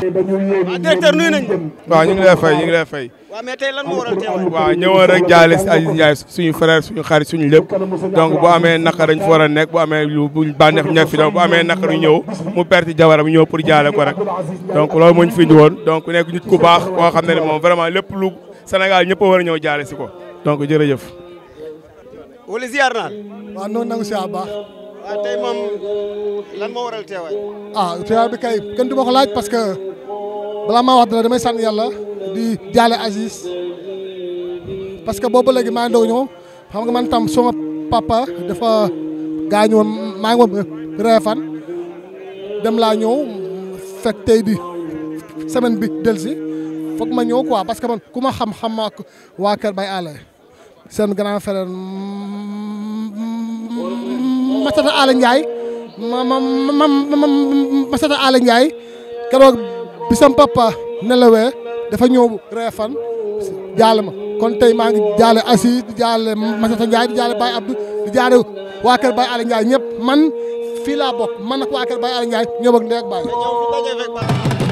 directeur nuyu nañu. waaw ñu ngi lay fay ñu ngi lay fay. waaw mais tey lan moo waral teewaay. waaw ñëwoon suñu frère suñu xarit suñu lépp donc bu amee naqar war a nekk bu amee lu bu bànneex ñu nekk fi bu amee naqar yu ñëw mu perte jabaram ñëw pour jaale ko rek. donc loolu moo ñu fi woon donc nekk nit ku baax koo xam ne ne moom vraiment lépp lu Sénégal ñëpp a war a ñëw jaale si ko donc jërëjëf. wala ziar naa. waaw nangu si baax. waaw tey moom lan moo waral ah teewaay bi kay kenn ko laaj parce que balaa ma wax dara damay sànni yàlla di jaale Aziz parce que boobu léegi maa ngi doog xam nga man tam sama papa dafa gaañu maa ngi woon reefan dem laa ñëw fekk tey bi semaine bi delsi foog ma ñëw quoi parce que man ku ma xam-xam ak waa Kër Baye Allé seen grand frère mm, mm, Massata Allé Ndiaye ma ma ma Massata Allé Ndiaye keroog bi sam papa nelawee dafa ñëw reefan jaale ma kon tey maa ngi jaale Asi di jaale Masata Ndiaye di jaale Baye Abdou di jaale waa kër Baye Aliou Ndiaye man fii laa bokk man ak waa kër Baye Aliou Ndiaye ñoo baay